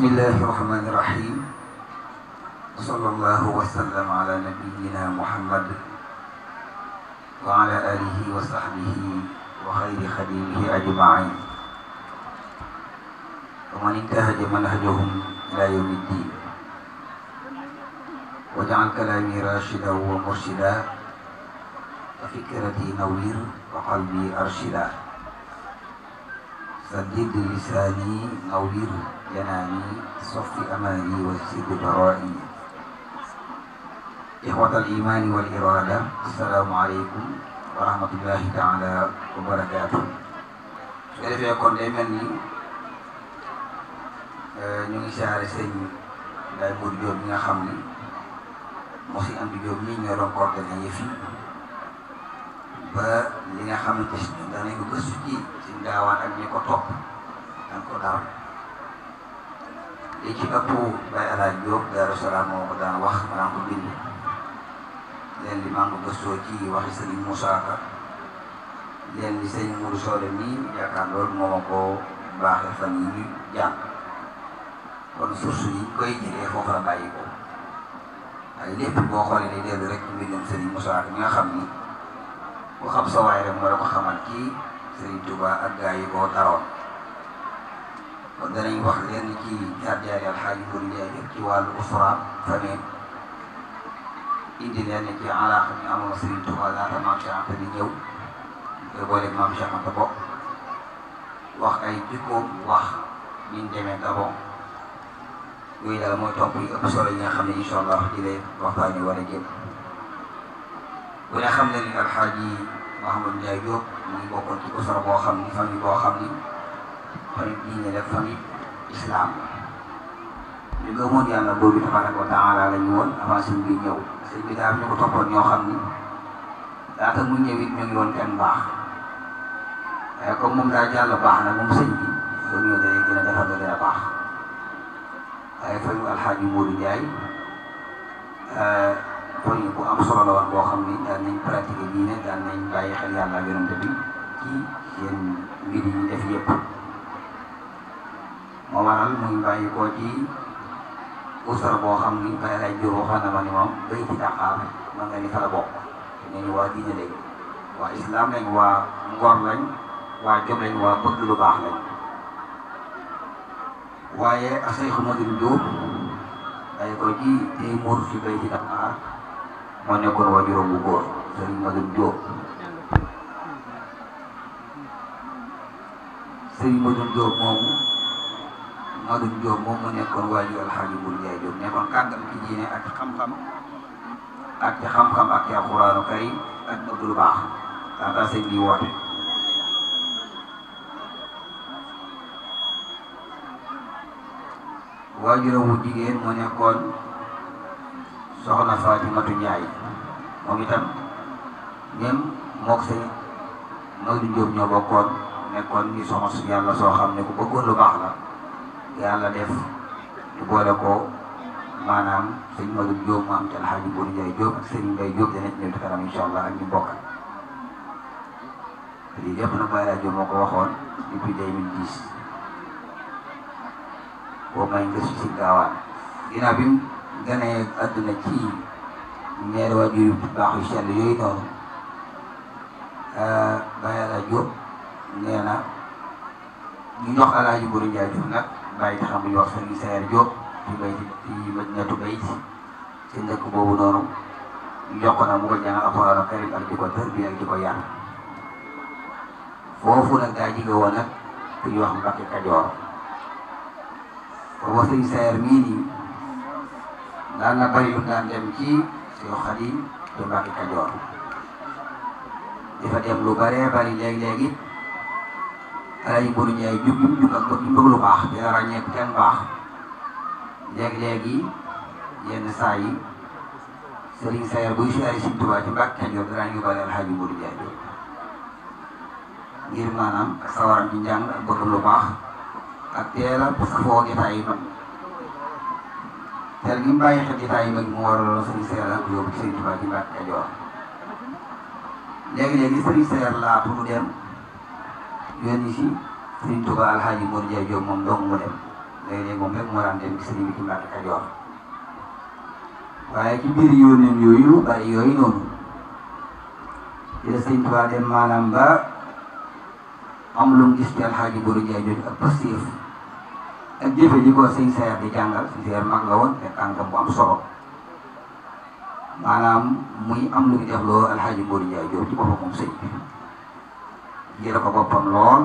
bismillahi rahmani rahim wa sallallahu wa sallam ala nabiyyina muhammad wa ala alihi wa sahbihi wa xayri xadimihi ajmain wa man intahaja manhajahum ila yawmi ddin wa jaal kalaami rashida wa murshida wa fikrati nawwir wa qalbi arshida سدد لساني نوّر جناني صف أماني وجد برائي إخوة الإيمان والإرادة السلام عليكم ورحمة الله تعالى وبركاته su defee kon day mel ni euh, ñu ngi saare sëñ Baye Modou Diop bi nga xam ni moo si am di Diop mii ñoo doon coordonné yëf yi ba li nga xamante ne danañ ko gëstu ci suñ ak ni ko topp dañ ko daal li ci ëpp bay alaaj Jóob Daaru Salaam moo ko daan wax maanaam ko bind leen li maa ngi ko gëstoo ci waxi sëriñ Moussa leen li sëriñ Mourou Soole mii yaakaar loolu moo ko baaxee fan yi ñu jàng kon source yi koy jëlee foofu la bàyyi ko waaye lépp boo xoolee day dellu rek ci mbindum sëriñ Moussa nga xam ni ku xam sa waay rek moo la ko xamal kii Serigne yi koo daroon kon danañ wax lenn ci jaar-jaar yi Alxaaji Góor Njaay def ci wàllu usra famille indi lenn ci alaaxa bi amoon Serigne Touba laata maam Cheikh Anta di ñëw te booleeg maam Cheikh Anta bokk wax ay jikkoom wax niñ demee Gabon yooyu daal mooy topp yi ëpp solo yi nga xam ne incha allah di leen waxtaan yu ku ne xam na ni alxaaji Mouhamadou mu ngi bokkoon ci usra boo xam ni famille boo xam ni famille diine la famille islam la ñu gëmoon yàlla boobu tabaraka wa taala la ñu woon avant suñ bi ñëw sëñ bi daal ñu ko toppoon ñoo xam ni daata mu ñëw it ñu ngi woon kenn baax waaye comme moom daa jàll baax na moom sëñ bi loolu ñoo dalee gën a defar nga gën a baax point bu am solo la woon boo xam ni daan nañ pratiquer diine daan nañ bàyyi xel yàlla ak yonent bi ci seen mbir yi def yëpp moo waral muy ko ci usar boo xam ni bàyyi lay jur waxoon ma ni moom béy ci man nga ni fa la bokk nañu waa diine lañ waa islam lañ waa ngor lañ waa jom lañ waa bëgg lu baax lañ waaye asay xamadin Jóob day ko ji day muur fi béy ci moo nekkoon waajuram bu góor sëriñ Modou Diop sëriñ Modou Diop moomu Modou Diop moom mu nekkoon waajur Alxaaji Bul Njaay Diop nekkoon kàngam ci diine ak xam-xam ak xam-xam ak ci alxuraanu karim ak bëgg baax daanaka sëñ bi woote. waajuram wu jigéen moo nekkoon. soxna Fatimatu Njaay moom itam même mook sëñ Maodo Diop ñoo bokkoon nekkoon ngi soxna su yàlla soo xam ne ku bëggoon lu baax la yàlla def ñu boole ko maanaam sëñ Maodo Diop mu am ci alxaaji Bourou Ndiaye Diop ak sëñ Mbaye Diop danañ ñëw ci kanam incha allah ak ñu bokk lii yëpp nag Baye Diop moo ko waxoon depuis 2010 boobu may nga si si gaawaan bi gane àdduna ci ñaari waajur yu baax yu sell yooyu noonu ah, Baye El Hadj Diop nee na ñu jox nag bàyyi nga xam ne ñu wax Serigne Sayer Diop ci bay ci Madinatu Bayt ci dëkk boobu noonu ñu jox ko nag mu ko jàngal Alxuraan karim ak di ko tarbiya ak foofu nag daa jige woon nag ku ñuy wax Mbacke Kajoor boobu daan na bari lu daan dem ci Seex Xaadim te Mbàkke Kajoor dafa dem lu baree bari léegi-léegi alay Mbour Ndiaye jug jug jug ak bëgg bëgg lu baax dina ràññee kenn baax léegi-léegi yenn saa yi Serigne Sayer buy siyaare Sëriñ Tuubaa ci Mbàkke Kajoor dara ñu bari Alxaaji Mbour Ndiaye ngir maanaam ak sawaram ci njàng ak bëgg lu baax ak teel a safoo jotaay yi noonu xel gi mu bàyyi xel jotaay yi nag mu waral la sëriñ Seer ak yóbbu sëriñ Tuubaa ci Mbàkke léegi-léegi sëriñ Seer laa pour mu dem yónni si sëriñ Tuubaa Alxaaji Mor Jaay Jóob moom dong mu dem léegi-léegi moom rek moo daan dem ci sëriñ bi ci Mbàkke Kajoor waaye ci biir yónneen yooyu bari yooyu noonu ci la sëriñ dem maanaam ba am lu mu gis ci Alxaaji Mor Jaay Jóob ak pastéef ak jëfe ji ko sëñ seer di jàngal sëñ seer mag nga woon te kàngam am solo maanaam muy am lu mu def loolu alxaaji Mbour Ndiaye Diop ci moom sëñ bi ko boppam lool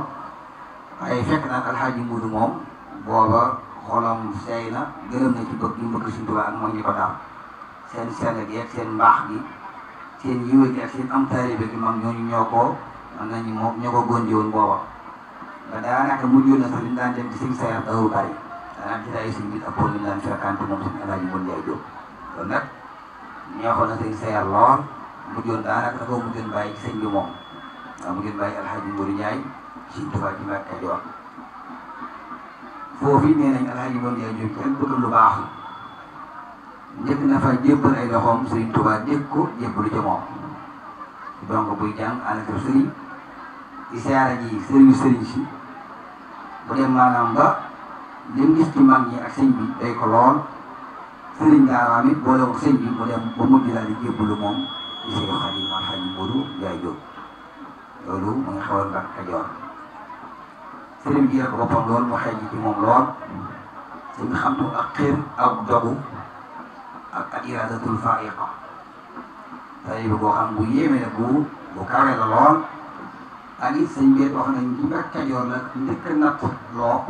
waaye fekk nag alxaaji Mbour moom booba xolam seey na gërëm na ci bëgg ñu bëgg suñu Tuubaa ak mooy ñi ko daal seen sell gi ak seen mbaax gi seen yiwe gi ak seen am taalibe gi mag ñooñu ñoo ko mën ñoo ko góonjewoon booba ba daanaka mujjoon na sax li ñu daan dem ci suñu sayar dawul bari daan ci ay suñu nit ak pool ñu daan fekkante moom suñu El Hadj Mounde Ndiaye Diop kon nag neexoon na suñu sayar lool mujjoon daanaka dafa mujjoon bàyyi ci sëñ bi moom waaw mujjoon bàyyi El Hadj Mounde Ndiaye ci Tuubaa ci Mbàkke Kajoor foofu it nee nañ El Hadj Mounde Ndiaye Diop kenn bëgg lu baax njëkk na fa jébbal ay loxoom Sëriñ Tuubaa dégg ko jébbalu ca moom donc buy jàng ànd ak sëriñ di siyaara ji sëriñu sëriñ si. bu dem maanaam ba lim gis ci mag ak sëñ bi day ko lool sëriñ boole wu sëñ bi mu dem ba mujj moom di sëñ Xadim ma Xadim Moodu Njaay Jóob loolu mu ngi xewal Mbàkke Kajoor sëriñ bi ko boppam lool mu xeeñ ci moom lool sëñ bi xam ak xir ak dogu ak ak iradatul faiqa tey bi xam bu yéeme la bu bu kawe lool ak it sëñ na wax nañ ci Mbàkke Kajoor la njëkk a natt loob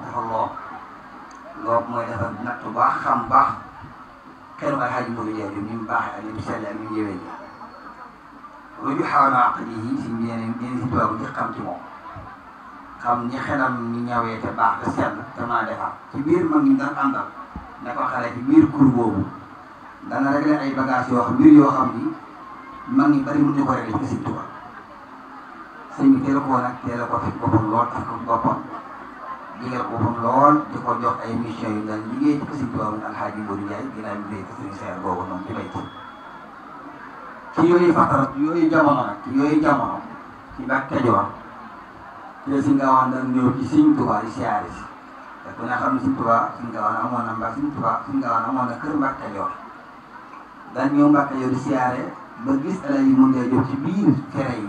dafa baax xam baax kenn ay xaj Mouride yow ni mu baaxee ak ni mu sellee ak ni mu yëwee loolu xaw naa àq ji yi si ñeneen ñeneen si tubaab xam ci moom xam ñi xelam ñi ñawee te baax te sell te mën a defar ci biir mag ñi ko xale ci biir boobu dana réglé ay bagages yoo xam mbir yoo xam ni mag bari mun ñu ko réglé ci si bi teel a koo nag teel lool teg ko boppam liggéey ko boppam lool di ko jox ay mission yu daan liggéey ci sëñ Tuubaa alxaaji Modou Ndiaye ginnaaw bi béy sëñ Seer boobu noonu ci béy ci yooyu fatara yooyu jamono nag yooyu jamono ci Mbàkke Kajoor ci la sëñ Gaawaan daan ñëw ci sëñ Tuubaa di siyaare si te ku ne xam ne sëñ Tuubaa sëñ Gaawaan amoon na mbaa sëñ Tuubaa sëñ Gaawaan amoon na kër Mbàkke Kajoor daan ñëw mun ngay jóg fere yi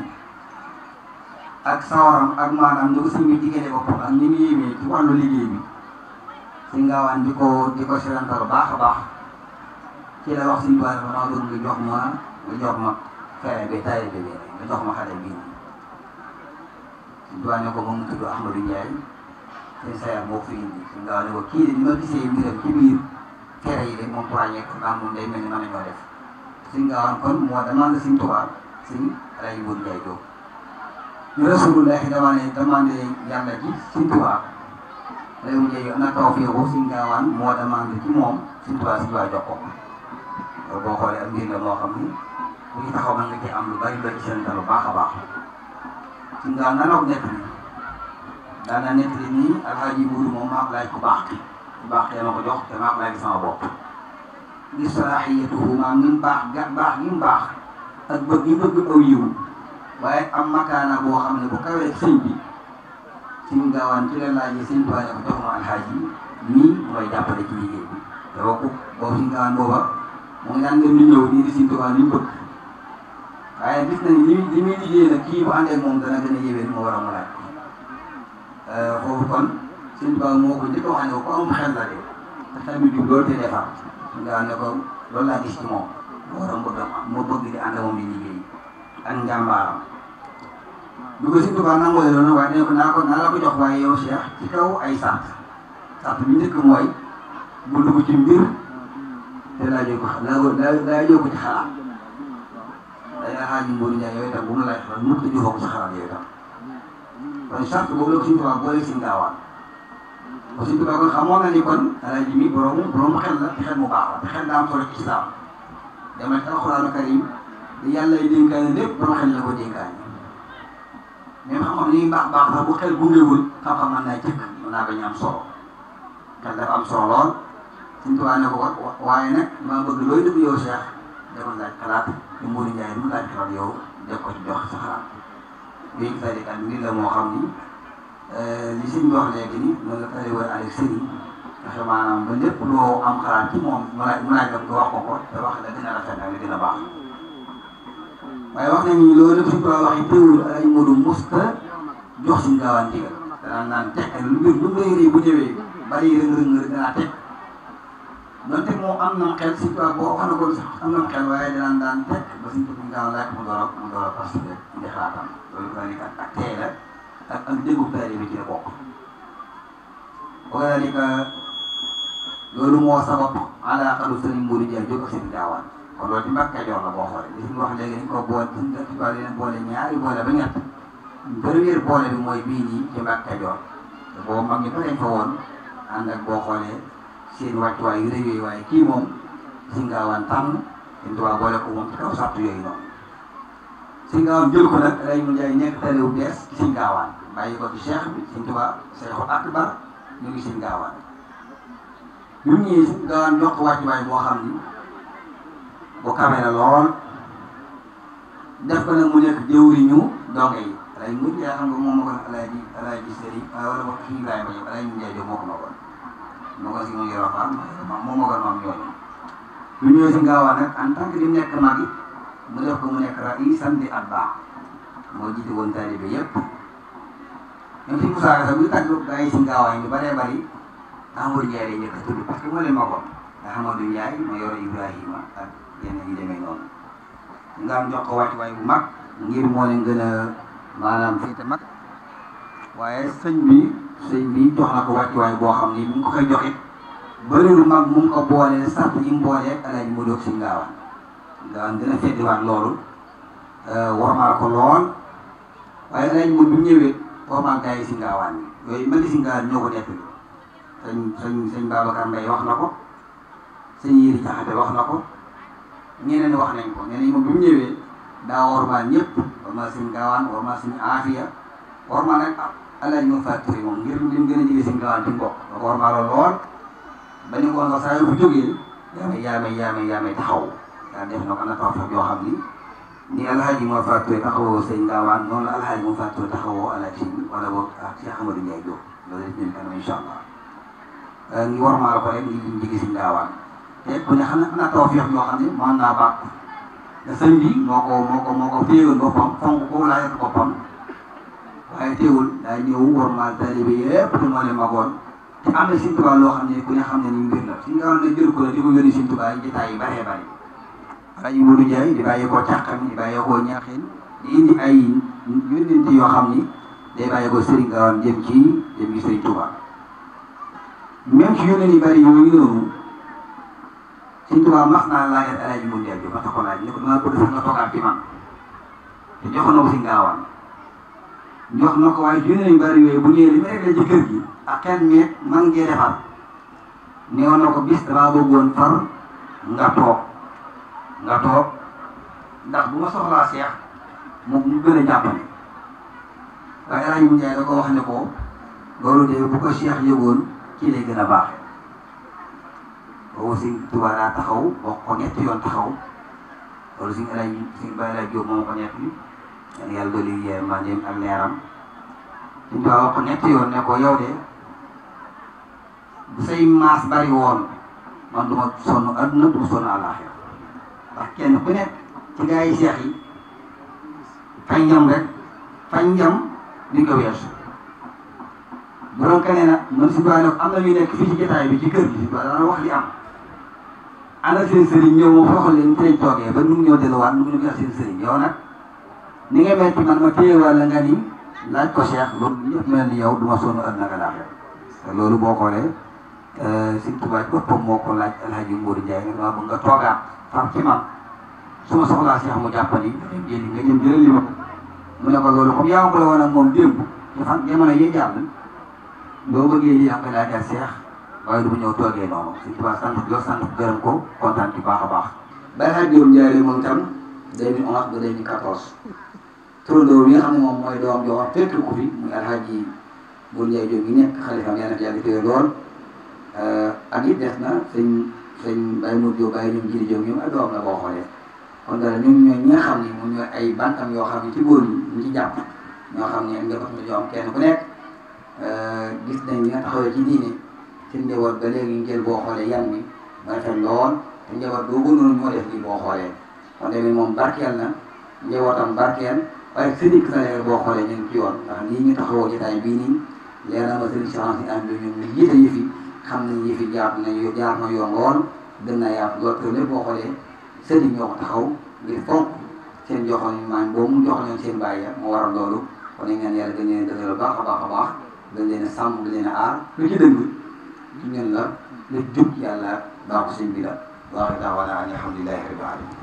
ak sawaram ak maanaam ni ko sëñ bi diggalee boppam ak ni mu yéemee ci wàllu liggéey bi si ngaawaan di ko di ko silantar baax a baax ci la wax suñu baal ma bëgg nga jox ma nga jox ma fere bi taay bi nga jox ma xale bi suñu ne ko moom mu tudd Ahmadou Ndiaye seen sayar moo fi indi si ngaaw ne ko kii de ni ma gisee mbiram ci biir fere yi de moom poids yeeg naa moom day mel ni mën nañoo def si ngaawaan kon moo demande suñ tubaab suñ rajo bu Ndiaye doo rasulullahi demandé demandé yàlla ji Sëñ Tuubaa réew mi na tawfeexu Sëñ moo demandé ci moom Sëñ Tuubaa Sëñ Tuubaa jox ko loolu boo xoolee ak mbir la moo xam ni bu ñu ci am lu bari bari seen lu baax a baax Sëñ Gaawaan nan la ko nekk nii daan naa nekk nii alxaaji buuru moom maa ko laaj ku baax ki ku baax tee ma ko jox te maa ko laaj sama baax gis salaaxiyatuhu maam ni mu baax ga baax gi mu baax ak bëgg yi bëgg aw waaye am makaana boo xam ne bu kawee sëñ bi suñ ci la laajee sëñ Tuubaa dafa jox alxaaji nii mooy jàppale ci liggéey bi. te boobu boobu suñ gaawaan booba moom daan dem di ñëw di di sëñ Tuubaa li mu bëgg waaye gis nañ li muy li muy kii bu ànd moom dana gën a yéwén moo war a mu laaj euh, foofu kon moo ko njëkk a wax ko ko moo war a mu bëgg a mu bëgg di ànd moom di liggéey. ak njàmbaaram du ko Sëriñ Tuubaa nangoo loolu waaye dañ naa ko naa la ko jox waaye yow Cheikh ci kaw ay sart sart bi njëkk mooy bu dugg ci mbir te laajoo ko laajoo ko ci xalaat day laaj Mbour Ndiaye yooyu tam bu mu laaj xalaat mënut a joxoo ko ci xalaat yooyu tam ko si ngaawaan ba Sëriñ Tuubaa e kon xamoon kon alaaji mi borom borom xel la xel mu baax la xel daa am solo ci islaam demal ci alxuraanu karim li yàlla ay dénkaane lépp dama xel la ko dénkaane ma xam-xam li baax baax sax bu xel gungewul xam-xam mën naa jëkk mën naa bañ am solo xel dafa am solo lool suñ ne ko waaye nag maa bëgg looy def yow Cheikh demal laaj xalaat te Mourou Ndiaye mu laaj jox sa ñu tarikat mbir la moo xam ni euh, li sëñ bi wax léegi ni noonu la tari mu laaj mu laaj wax ko ko te wax la gën a rafet ak baax waaye wax nañu loolu lépp suñu tubaab wax yi teewul Alaaji Moodu musta jox suñu lu lu muy rëy bu ñëwee bari rëng-rëng danaa teg donte moo am na xel suñu tubaab boo xam ne kon sax am na xel waaye danaan daan teg ba suñu tubaab gaawaan laaj mu door a mu door a parce que indi xalaatam loolu dafa nekk ak tey la ak ak déggu taalibe bi ci la bokk loolu moo sabab alaaka du sëriñ Moodu Dia jóg ak seen gaawaan kon loolu ci Mbàkke Kajoor la boo xoolee li ñu wax léegi dañ ko boole ci nga tubaab yi leen boole ñaari boole ba ñett première boole bi mooy bii nii ci Mbàkke Kajoor te boo mag ñi fa lañ fa woon ànd ak boo xoolee seen wàccuwaay yu rëy yooyu waaye kii moom Singawaan tànn seen tubaab boole ko moom ci kaw sàtt yooyu noonu. Singawaan jël ko nag rey mu njaay nekk taliw bees Singawaan bàyyi ko ci Cheikh bi seen tubaab Cheikhul Akbar ñu ngi Singawaan. ñun ñii Singawaan jox ko wàccuwaay boo xam ni. bu kawe la lool def ko nag mu nekk jëwriñu donge yi alay mu jaay xam nga moom moo ko alay ji alay ji sëriñ wala wax kii Ibrahima Diop alay mu jaay Diop moo ko magoon moo ko si mu ngi rafet moom moo ko moom ñooñu lu ñëwee si Gaawaan nag en tant que di nekk mag yi mu def ko mu nekk raisan di atbaa moo jiite woon taalibe yëpp même si Moussa Ka sax buy tàggu gaa yi si Gaawaan ñu bëree bëri Amadou Ndiaye lay njëkk a tudd parce que moo leen magoon ndax Amadou Ndiaye moo yore Ibrahima ak yeneen yi demee noonu ngam jox ko wàccuwaay bu mag ngir moo leen gën a maanaam féete mag waaye sëñ bi sëñ bi jox na ko wàccuwaay boo xam ni bu ñu ko koy joxit bëriwul mag mu ngi ko boole yi mu boole alaaj mu doog si ngaawaan ngaawaan gën a feddiwaat euh, ko lool waaye alaaj mu bu ñëwee yi yooyu mel si ngaawaan ñoo ko nettali sëñ sëñ sëñ Babacar Mbaye wax na ko sëñ Yiri Jaxate wax na ko ni wax nañ ko nee nañ moom bi mu daa wormaal ñëpp wormaal suñu gaawaan wormaal suñu aafiya ma fàttali moom ngir lim gën a ñu suñu gaawaan ci mbokk da ko wormaaloon lool ba ñu ko woon sax saa yu jógee yaamay yaamay yaamay yaamay taxaw daa def na ko am na taxaw yoo xam ni ni alaaji ma fàttali taxawoo sëñ gaawaan noonu la alaaji ma fàttali taxawoo ko te ku ne xam na tawfeex yoo xam ne mën naa baax te sëñ bi moo ko moo ko moo ko téyewoon boppam fonk ko laa yor boppam waaye teewul daay ñëw warmal taalibe yépp te moo leen magoon te am na Sëñ Tuubaa loo xam ne ku ne xam ne ni mbir la suñ nga xam ne jël ko la di ko yónni Sëñ Tuubaa yi jotaay yi bëree bëri rajo Modou Ndiaye di bàyyi ko càqam di bàyyi ko ñaaxeen di indi ay yónnent yoo xam ni day bàyyi ko Serigne Gawane jëm ci jëm ci noonu suñ tubaab mas naa laajaat El Hadj Modou Diagne ma ko laaj ne ko dama bëgg sax nga toogaat ci man te jox na ko si ngaawaan jox na ko waaye junne nañ bari yooyu bu ñëwee li mu réglé ci kër gi ak kenn meeg man ngee defar neewoon na ko bis damaa bëggoon far nga toog ndax bu ma soxlaa seex moom ñu gën a jàppale waaye El Hadj Modou Diagne da ko wax ne ko loolu de bu ko seex yëgoon ci lay gën a baax. boobu Sëñ Tuubaa daa taxaw wax ko ñetti yoon taxaw loolu Sëñ El Hadj Sëñ Baye El Hadj Diop moo ak leeram Sëñ Tuubaa wax ko ñetti yoon ne ko yow de bu say maas bari woon man du sonn àdduna du sonn àllaaxira ndax kenn ku nekk ci gaa yi seex yi fañ jam rek fañ jam duñ ko weesu. bu doon keneen nag man Sëñ Tuubaa ne am na ñu nekk fii ci bi ci kër gi Sëñ Tuubaa dana wax li am. ana seen sëriñ ñëw ma foofu leen ba nu mu ñëw delluwaat nu ni nga ma téye ni laaj ko Cheikh loolu yow du loolu boo xoolee euh, Sëriñ Tuubaa boppam moo ko laaj El Hadj Modou Ndiaye nga dama bëgg nga toogaat far ci man mu jàpp ni yéen nga ñëm jëlal ma mu ne ko loolu comme yaa ngi ko la woon ak moom démb te yee jàll boo bëggee lii am laaj ak Cheikh. waaye du bu ñëw toogee noonu suñ tubaab sant ko sant ko gërëm ko kontaan ci baax a baax. Baye Hadj Diop Ndiaye moom itam 2011 ba 2014 turandoo bi nga xam ne moom mooy doom joo wax fépp ku fi muy Alhaji Bour Ndiaye gi nekk xalifaam yàlla na ak it des na sëñ sëñ Baye Mour Diop Baye ñoom Jili Diop ñoom ak doom boo xoolee kon dara ñun ñooy ñi nga xam ne moom ñooy ay bànqam yoo xam ne ci góor ñi ñu ci jàpp ñoo xam ne nga ko xam ne kenn ku nekk gis nañ ñi nga taxawee ci diine. ci njaboot ba léegi ngeen boo xoolee yan bi barke lool te njaboot boobu noonu moo def lii boo xoolee kon tamit moom barkeel na njabootam barkeel waaye sëriñ bi sax boo xoolee ni ngi ci yoon ndax lii ñu taxawoo ci taay bii nii leer na ma sëriñ si am bi ñun ñu jiite yëf yi xam nañ yëf yi jaar na jaar na yoon lool gën na yaatu lool te lépp boo xoolee sëriñ ñoo ko taxaw ngir fonk seen joxoon maanaam boobu mu jox leen seen bàyyi mu waral loolu kon dañu leen a baax a ñun la la jub yàlla baaxu sëñ bi la waaw daaw wala alhamdulilahi rabbil alamin